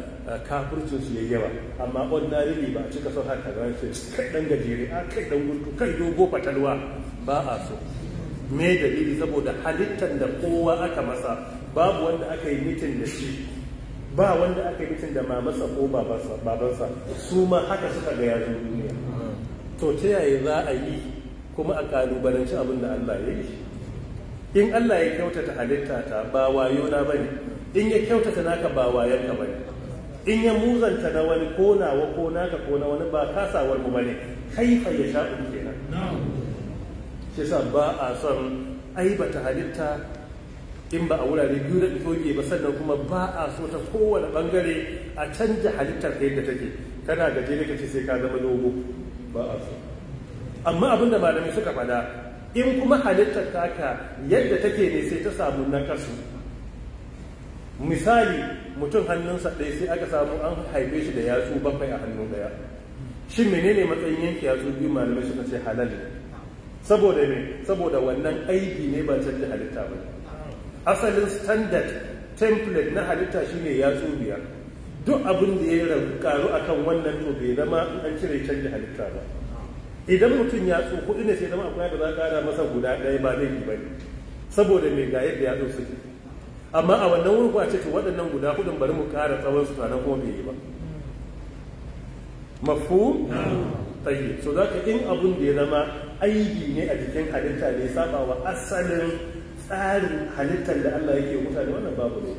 kafircin su yayi yawa amma ordinarily ba a cika so haka ba sai kai dan gajere a kai dan gurtu kai dogo fatalwa ba a so me dalili saboda halittar da kowa aka masa babu wanda aka yi mitin da shi ba wanda aka yi bitin da mamansa ko babansa su ma haka suka ga yazo duniya to ta yaya za a yi kuma a kalubalanci abin da Allah ya yi in Allah ya kyautata halitta ta ba wayo na bane in ya kyautata naka ba wayan ka bane in ya muzanta na wani ko nawa ko naka ko na wani ba kasawar mu bane fa ya sha'u kenan shi sa ba a son aibata halitta in ba a wurare biyu da toge ba sannan kuma ba a so ta kowane ɓangare a canja halittar ka yadda take kana gaje ka kace sai ka zama dogo ba a so amma abin da malamai suka faɗa in kuma halittar taka yadda take ne sai ta samu nakasu misali mutum hannunsa ɗaya sai aka samu an haife shi da yatsu bakwai a hannun ɗaya shin menene matsayin yanke yatsu biyu malamai suka ce halal ne saboda ne, saboda wannan aiki ne ba canza halitta ba ne asalin standard template na halitta shine yatsu biyar duk abin da ya rabu karu akan wannan to bai zama an cire canji halitta ba idan mutum ya tso kuɗi ne sai zama akwai da za a ƙara masa guda ɗaya ba zai ba ne saboda mai ga yadda ya su suke amma a wannan wurin kuwa ce waɗannan guda kuɗin bari mu kara tsawon su tare kuma bai yi ba mafu tsaye so za ka in abin da ya zama aiki ne a jikin halitta ne saba wa asalin tsarin halittar da Allah yake mutane wannan babu ne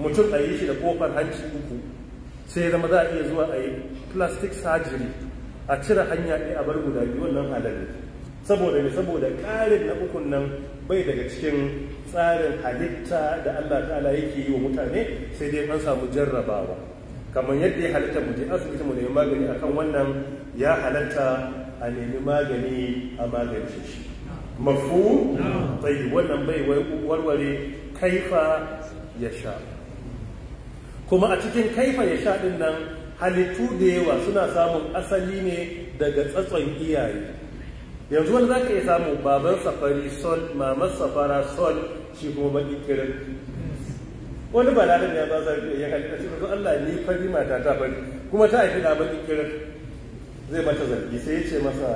mutum a yi shi da kofar hanci uku sai zama za a iya zuwa a yi plastic surgery a cire hanya ɗaya a bar guda biyu wannan halar saboda ne saboda ƙarin na ukun nan bai daga cikin tsarin halitta da Allah ta'ala yake yi wa mutane sai dai an samu jarrabawa kamar yadda ya halitta mu je asibiti mu nemi magani akan wannan ya halatta a nemi magani a magance shi mafu tayyib wannan bai warware kaifa ya sha kuma a cikin kaifa ya sha din nan halittu da yawa suna samun asali ne daga tsatson iyaye yanzu wani za ka iya samu baban safari sol mamar safara sol shi kuma baki kirin wani ba da ya ba zarfi ya halitta shi kuma Allah ni fari mata ta bari. kuma ta haifi na baki kirin zai mata zargi sai ya ce masa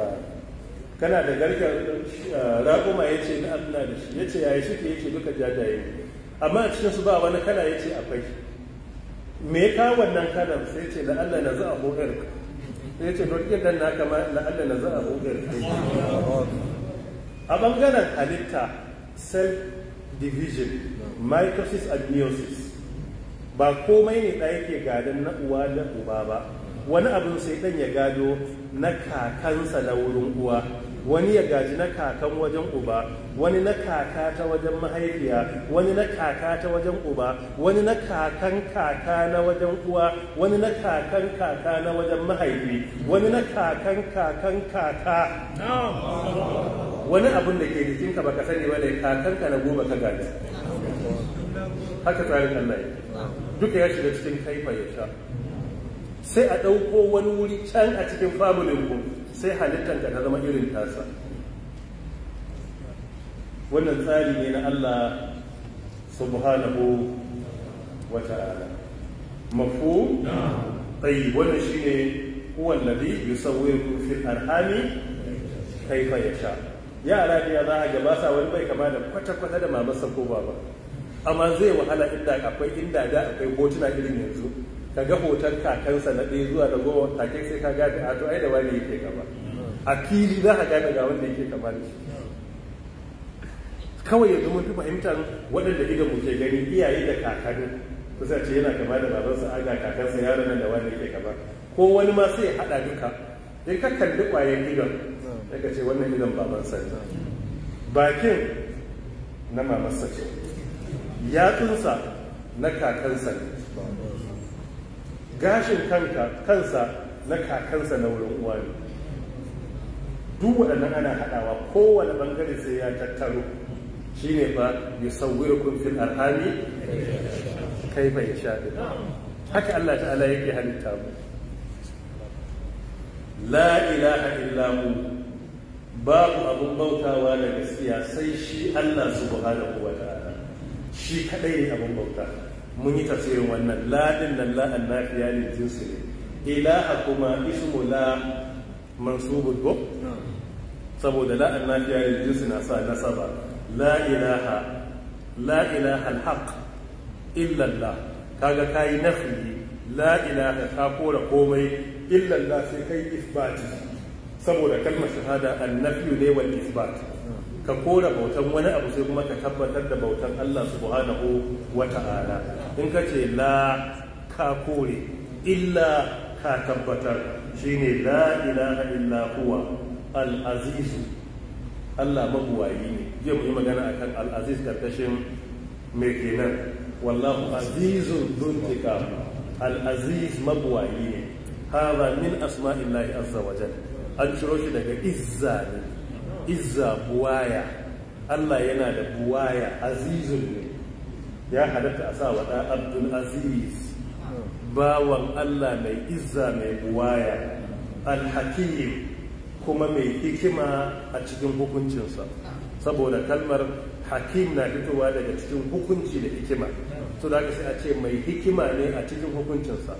kana da garkar eh, raƙuma ya ce na amina da shi ya ce yayi suke ya ce duka jajaye amma a cikinsu ba wani kana ya ce akwai me ka wannan kana sai ce Allah na za'a ka sai ce don idan na kama Allah na za'a ka a ɓangaren halitta cell division mitosis and meiosis ba komai ne ɗaya ke gadon na uwa da uba ba wani abin sai ɗan ya gado na kakansa na wurin uwa wani ya gaji na kakan wajen uba wani na kaka ta wajen mahaifiya wani na kaka ta wajen uba wani na kakan kaka na wajen uwa wani na kakan kaka na wajen mahaifi wani na kakan kakan kaka wani abin da ke jikinka baka sani ba ne kakanka na goma ka gaji haka tsarin Allah duka ya shiga cikin kaifa ya sha sai a ɗauko wani wuri can a cikin familin sai halittar da ta zama irin tasa wannan tsari ne na Allah subhanahu wa ta'ala mafu tayi wannan shine huwa alladhi yusawwirukum fil arhami kaifa yasha yara da ya za a gaba sa wani bai kama da kwata-kwata da mamasa ko ba amma zai wahala inda akwai inda da akwai hotuna irin yanzu ka ga hoton kakansa na ɗaya zuwa da goma take sai ka gane a to ai da wani yake kama a fili za ka gane ga wanda yake kama da shi kawai yanzu mun fi fahimtar waɗanda idan mu ke gani iyaye da kakanni kusa ce yana kama da babansa ga kakansa yaron nan da wani yake kama ko wani ma sai ya haɗa duka sai ka kalli ƙwayar idon daga ce wannan idon babansa bakin na mamarsa ce yatsunsa na kakansa ne gashin kanka kansa na kakansa na wurin uwa ne duk waɗannan ana haɗawa kowane ɓangare sai ya tattaro shi ne ba ya da kumfin arhami kai bai sha haka Allah ta'ala yake halitta mu la ilaha illa mu babu abun bautawa da gaskiya sai shi Allah subhanahu wa ta'ala shi kaɗai ne abun bautawa mun yi tafsirin wannan ladin nan la'an nafiya ne jinsi ne ilaha kuma ismu la mansubun ko saboda la'an nafiya ne jinsi na sa nasaba la ilaha la ilaha alhaq illallah kaga kayi nafi la ilaha ka kora komai illallah sai kai isbati saboda kalmar shahada annafi ne wal isbat ka kora bautan wani abu sai kuma ka tabbatar da bautan Allah subhanahu wa ta'ala in ka ce la ka kore illa ka tabbatar shine la ilaha illa huwa al-aziz Allah mabuwayi ne zai mu magana a kan aziz karkashin mai kenan wallahu azizun duntika al-aziz mabuwayi ne hada min asma'illahi azza an ciro shi daga izza ne izza buwaya Allah yana da buwaya azizun ne ya halatta a sa wa abdul aziz bawan Allah mai izza mai buwaya alhakim kuma mai hikima a cikin hukuncinsa saboda kalmar hakim na fitowa daga cikin hukunci da hikima to da sai a ce mai hikima ne a cikin hukuncinsa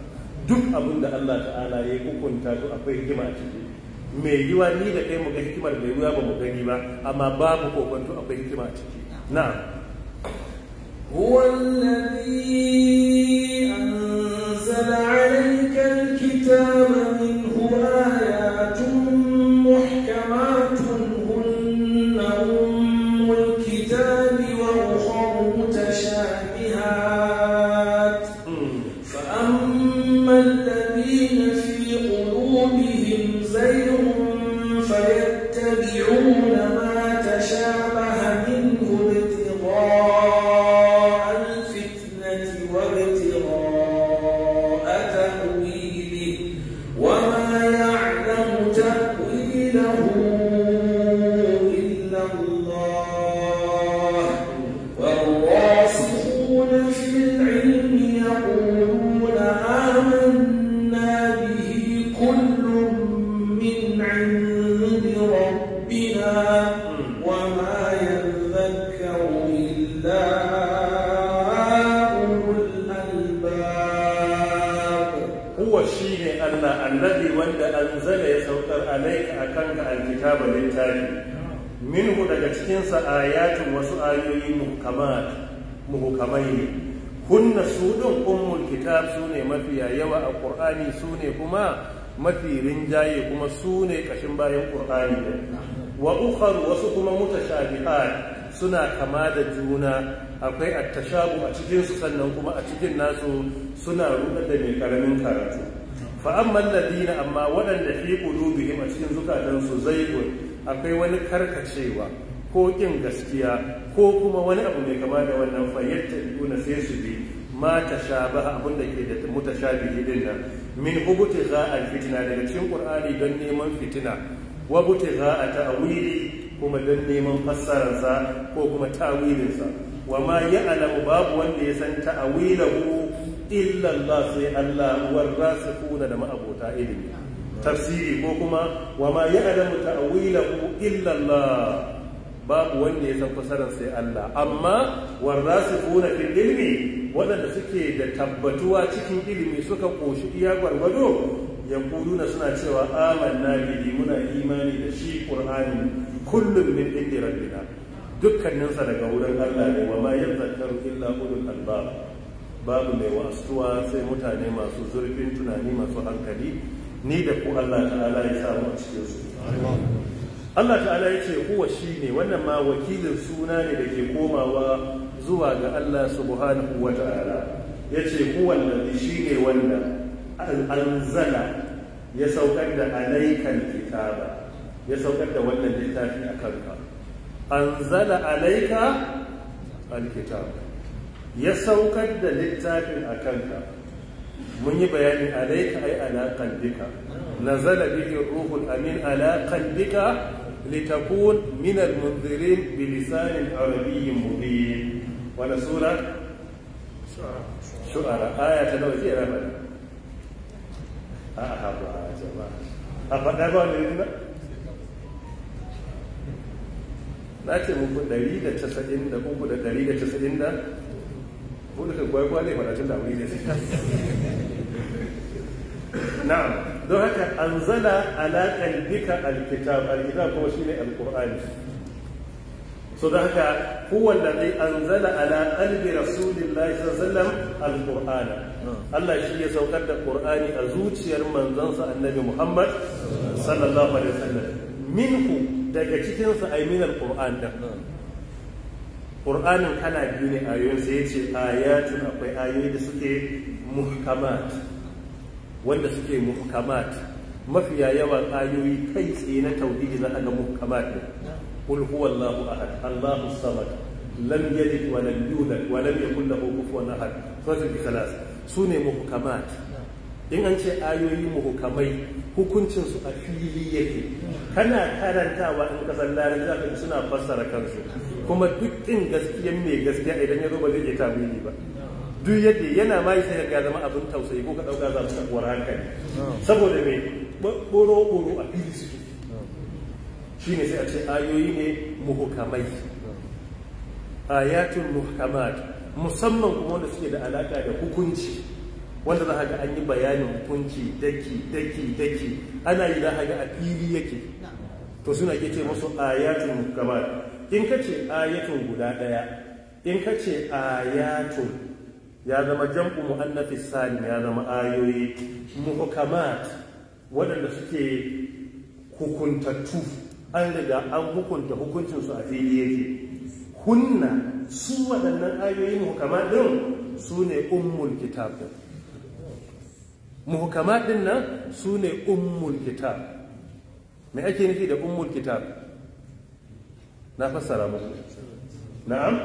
duk abin da Allah ta'ala ya hukunta to akwai hikima a ciki mai yiwa ni da kai mu ga hikimar mai yiwa ba mu gani ba amma babu kokonto akwai hikima a ciki na wallahi الذي alayka alkitaba raba littafi minhu daga cikinsa ayatun wasu ayoyi muhukamai ne kunna su ɗin ummul kitab su ne mafiya yawa a ƙur'ani su ne kuma mafi rinjaye kuma su ne ƙashin bayan ƙur'ani wa ukharu wasu kuma mutashabihat suna kama da juna akwai attashabu a cikin su sannan kuma a cikin nasu suna ruɗa da mai karamin karatu fa’amman amma dina amma waɗanda fi biyu a cikin zukatansu ƙun akwai wani karkacewa ko kin gaskiya ko kuma wani abu mai kama da wannan fayyattabi'una sai su bi ma ba abin da ke da sha biyu din nan min yi fitina daga cikin ƙur'ani don neman fitina wa za a ta'wili kuma don neman fassararsa ko kuma ta'awilinsa wa ma alamu babu wanda ya san ta'awilahu illallah sai Allah warrasikuna da ma'abota ilimi tafsiri ko kuma wa ma ya'lamu ta'wilahu illallah babu wanda ya san fasarar sai Allah amma warrasikuna fil ilmi waɗanda suke da tabbatuwa cikin ilimi suka koshi iya gwargwado yaquluna suna cewa amanna bihi muna imani da shi qur'ani kullum min indi rabbina dukkaninsa daga wurin Allah ne wa ma yadhakkaru illa ulul albab babu mai wasuwa sai mutane masu zurfin tunani masu hankali ni da ku Allah ta'ala ya samu a cikin su Allah ta'ala ya ce kuwa shi wannan ma wakilin suna ne da ke komawa zuwa ga Allah subhanahu wa ta'ala ya ce kuwan da shi ne wanda anzala ya saukar da alaikan kitaba ya saukar da wannan littafi a kanka anzala alaika alkitab ya saukar da littafin a kanka mun yi bayani alaika ai ala qalbika nazala bihi ruhul amin ala qalbika litakun min al-munzirin bi lisanin arabiyyin mubin wala sura shu'ara aya ta nawa ce rafa a a ba jama'a a faɗa ba wani ba na ce muku 193 da da ɗari casa'in da. ko da kai kwa ne faratun da wuri ne na'am don haka anzala ala qalbika alkitab alkitab kuma shi ne Alƙur'ani, so da haka huwa alladhi anzala ala qalbi rasulillahi sallallahu alaihi Allah shi ya saukar da ƙur'ani a zuciyar manzansa annabi Muhammad sallallahu alaihi wasallam minhu daga cikinsa sa ay min alqur'an da ƙur'anin ana biyu ne a sai ya ce ayatun akwai ayoyi da suke muhkamat wanda suke muhkamat mafiya yawan ayoyi kai tsaye na tauhidi za a ga muhkamat ne qul huwallahu ahad allahu samad lam yalid wa lam yulad wa lam yakul lahu kufuwan ahad suratul ikhlas sune muhkamat in an ce ayoyi muhkamai hukuncin su a fili yake kana karantawa in ka san larabci suna fassara kansu kuma duk ɗin gaskiyan mai gaskiya idan ya zo ba zai iya tawili ba duk yadda yana ma yi sai ga zama abin tausayi ko ka ɗauka za su tabuwar hankali saboda mai ɓoro-ɓoro a fili su shi ne sai a ce ayoyi ne muhukamai ayatun muhukamat musamman kuma wanda suke da alaƙa da hukunci wanda za ga an yi bayanin hukunci daki daki daki ana yi za ga a fili yake to suna ke ce musu ayatun muhukamat in ka ce ayatun guda ɗaya in ka ce ayatun ya zama jam'u mu'annafi salim ya zama ayoyi muhkamat waɗanda suke hukuntattu an riga an hukunta hukuncinsu a fili yake hunna su waɗannan ayoyi muhkamat ɗin su ne ummul kitab ɗin nan su ne ummul kitab me ake nufi da ummul kitab na fassara muku na'am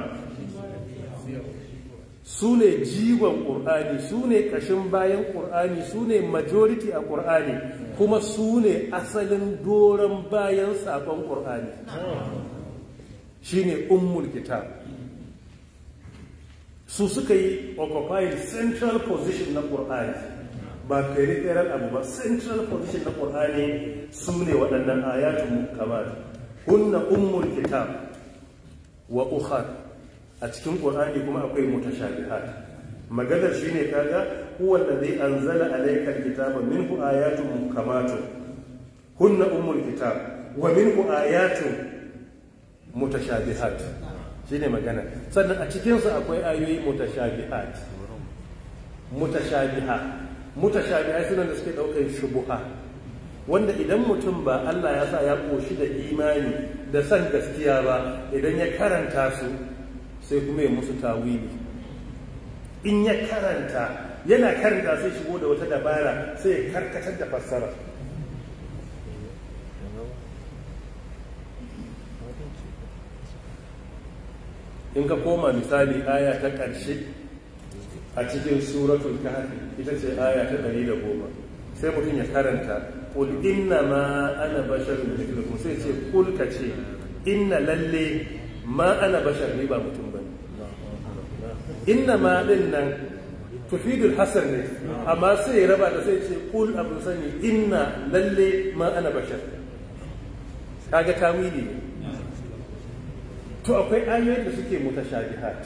su ne jigon ƙur'ani su ne ƙashin bayan ƙur'ani su ne majority a ƙur'ani kuma su ne asalin doron bayan sakon ƙur'ani shi ne ummul kitab su suka yi occupying central position na ƙur'ani ba peripheral abu ba central position na ƙur'ani su ne waɗannan ayatun kamar hunna ummul kitab wa ukhar a cikin qur'ani kuma akwai mutashabihat maganar shine kaga huwa alladhi anzala alayka alkitaba minhu ayatun muhkamatun hunna ummul kitab wa minhu ayatun mutashabihat shine magana sannan a cikin su akwai ayoyi mutashabihat mutashabiha mutashabiha sunan da suke daukar shubuha wanda idan mutum ba Allah ya sa ya koshi da imani da san gaskiya ba idan ya karanta su sai kuma ya musu tawili in ya karanta yana karanta sai shigo da wata dabara sai ya karkatar da fassara in ka koma misali aya ta ƙarshe a cikin suratul kahfi ita ce aya ta goma. sai mutum ya karanta qul inna ma ana basharun mithlukum sai ce kul ka ce inna lalle ma ana bashar ne ba mutum bane inna ma din nan tufidul hasan ne amma sai ya raba da sai ce kul abin sani inna lalle ma ana bashar kaga tawili ne to akwai ayoyin da suke mutashabihat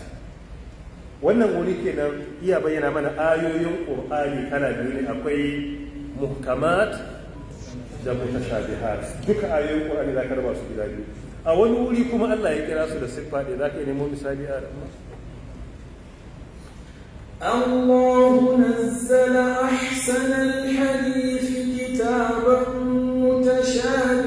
wannan wuri kenan iya bayyana mana ayoyin qur'ani kana biyu ne akwai muhkamat da mutashabihat duka ayoyin Qur'ani zaka raba su gida biyu a wani wuri kuma Allah ya kira su da siffa za ka nemo misali a rama الله نزل أحسن الحديث كتابا متشابها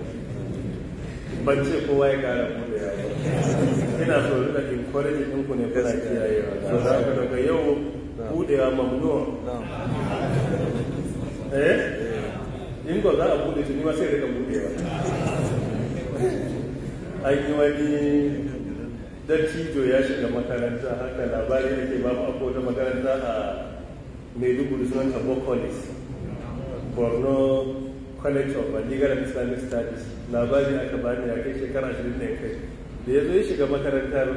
bace kowa ya gara bude ya ba ina so rika encourage din ku ne kana kiyayewa so za ka daga yau budewa mamnuwa eh in ko za a bude shi ma sai rika budewa an yi wani dattijo ya shiga makaranta haka labari da ke babu a kowace makaranta a maiduguri sunan abokolis borno college of legal and islamic studies labari aka bani ya kai shekara ashirin ne kai da ya zo ya shiga makarantar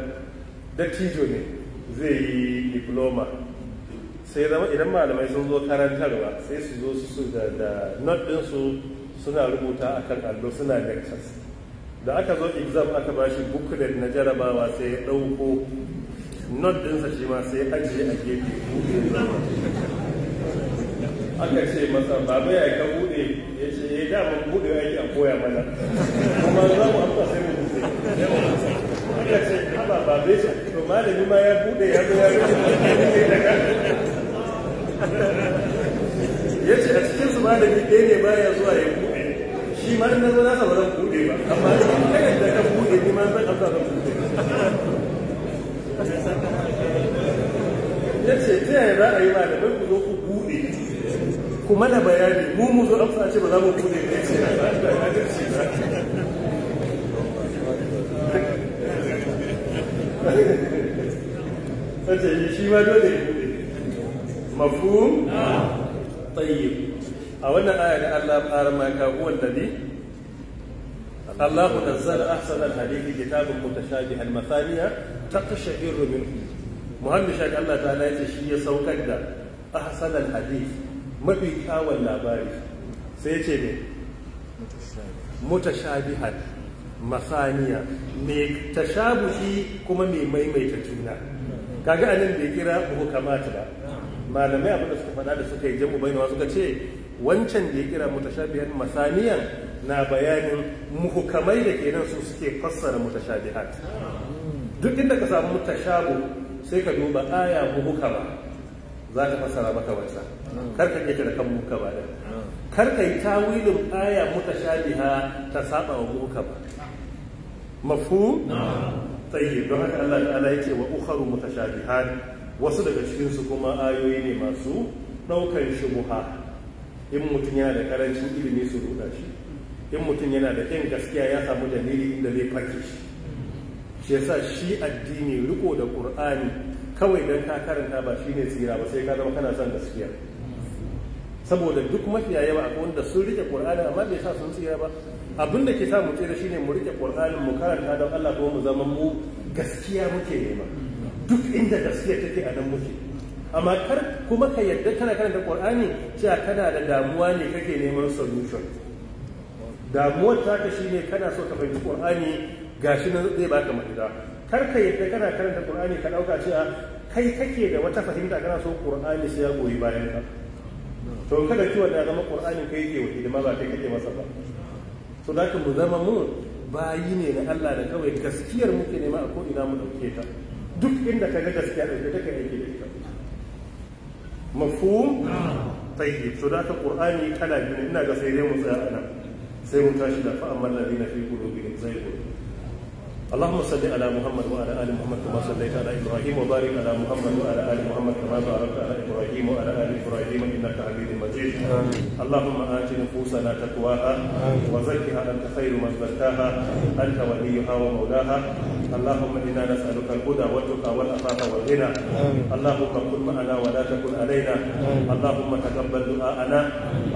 dattijo ne zai yi diploma sai zama idan malamai sun zo karantarwa sai su zo su da not ɗinsu suna rubuta a kan allo suna lectures da aka zo exam aka ba shi booklet na jarabawa sai ya ɗauko not ɗinsa shi ma sai ya ajiye a gefe aka ce masa mai ya ka bude ya ce ya eh, dama bude ya ke koya mana kuma za mu amsa sai mu bude aka ce haba ba ya ce to malami ma ya bude ya zo ya ya zo ya ce a cikin su malami ɗaya ne baya zuwa ya bude shi ma na zo na sa ba zan bude ba amma kai da ka bude ni ma zan amsa zan bude ya ce ta yaya za a yi ba da bai ku zo ku bude Kuma da bayani mu mu zo amsa ce ba za mu bude ne ce sace yi shi ma dole ya bude a wannan aya da Allah fara ma ka wanda ne الله نزل احسن الحديث كتاب متشابه المثانية تقشعر منه مهم شاك الله تعالى mafi kyawun labari sai ce ne mutashabihat masaniya mai tashabuhi kuma mai maimaita juna kaga da ya kira buhu kamata ba malamai abin da suka faɗa da suka yi jamu bainawa suka ce wancan da ya kira mutashabihat masaniyan na bayanin muhukamai da ke nan su suke fassara mutashabihat duk inda ka samu mutashabu sai ka duba aya muhukama za ta fassara maka wasa kar ka da kan muka ba kar ka yi tawilin aya muka shabiha ta saba wa muka ba mafu tsaye. don haka Allah ta'ala yake wa ukharu mutashabihat wasu daga cikin su kuma ayoyi ne masu shi shubuha in mutum yana da karancin ilimi su ruda shi in mutum yana da kin gaskiya ya samu dalili inda zai fake shi shi yasa shi addini riko da qur'ani kawai don ka karanta ba shi ne tsira ba sai ka zama kana son gaskiya saboda duk mafiya yawa akwai wanda sun rike ƙur'ani amma bai sa sun tsira ba abin da ke sa mu tsira shine mu rike qur'anin mu karanta don Allah kuma mu zama mu gaskiya muke nema duk inda gaskiya take a nan muke amma kar kuma ka yadda kana karanta ƙur'ani? cewa kana da damuwa ne kake neman solution damuwar taka shine kana so ka fahimci ga gashi nan zai baka mafita kar ka yadda kana karanta qur'ani ka dauka cewa kai kake da wata fahimta kana so qur'ani sai ya goyi bayan ka to kada ki wanda zama qur'anin kai yake wa ma ba kai kake masa ba to da mu zama mu bayi ne na Allah da kawai gaskiyar muke nema a ko ina mu dauke ta duk inda ka ga gaskiya da kai yake da ita mafhum tayyib to da ka qur'ani kala biyu ina ga sai dai mu tsaya ana sai mu tashi da fa amma ladina fi qulubihim zaygun اللهم صل على محمد وعلى ال محمد كما صليت على ابراهيم وبارك على محمد وعلى ال محمد كما باركت على ابراهيم وعلى ال ابراهيم انك حميد مجيد اللهم ات نفوسنا تقواها وزكها انت خير من زكاها انت وليها ومولاها اللهم انا نسالك الهدى والتقى والافاق والغنى اللهم كن معنا ولا تكن علينا اللهم تقبل دعاءنا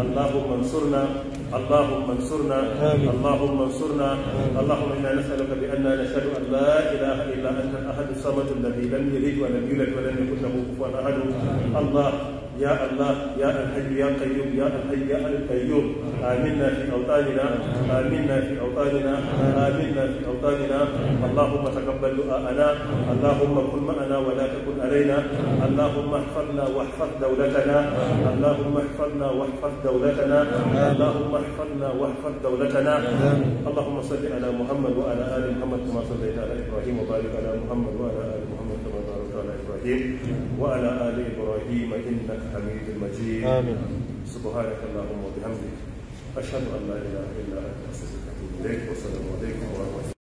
اللهم انصرنا اللهم انصرنا اللهم انصرنا اللهم انا نسالك باننا أشهد أن لا إله إلا أنت الأحد الصمد الذي لم يلد ولم يولد ولم يكن له كفوا أحد الله يا الله يا الحي يا قيوم يا الحي يا القيوم آمنا في أوطاننا آمنا في أوطاننا آمنا في أوطاننا اللهم تقبل دعاءنا اللهم كن معنا ولا تكن علينا اللهم احفظنا واحفظ دولتنا اللهم احفظنا واحفظ دولتنا اللهم احفظنا واحفظ دولتنا اللهم صل على محمد وعلى آل محمد كما صليت على إبراهيم وبارك على محمد وعلى آل محمد كما باركت على إبراهيم وعلى آل إبراهيم إنك حميد مجيد آمين سبحانك اللهم وبحمدك أشهد أن لا إله إلا أنت أستغفرك وأتوب إليك والسلام عليكم ورحمة الله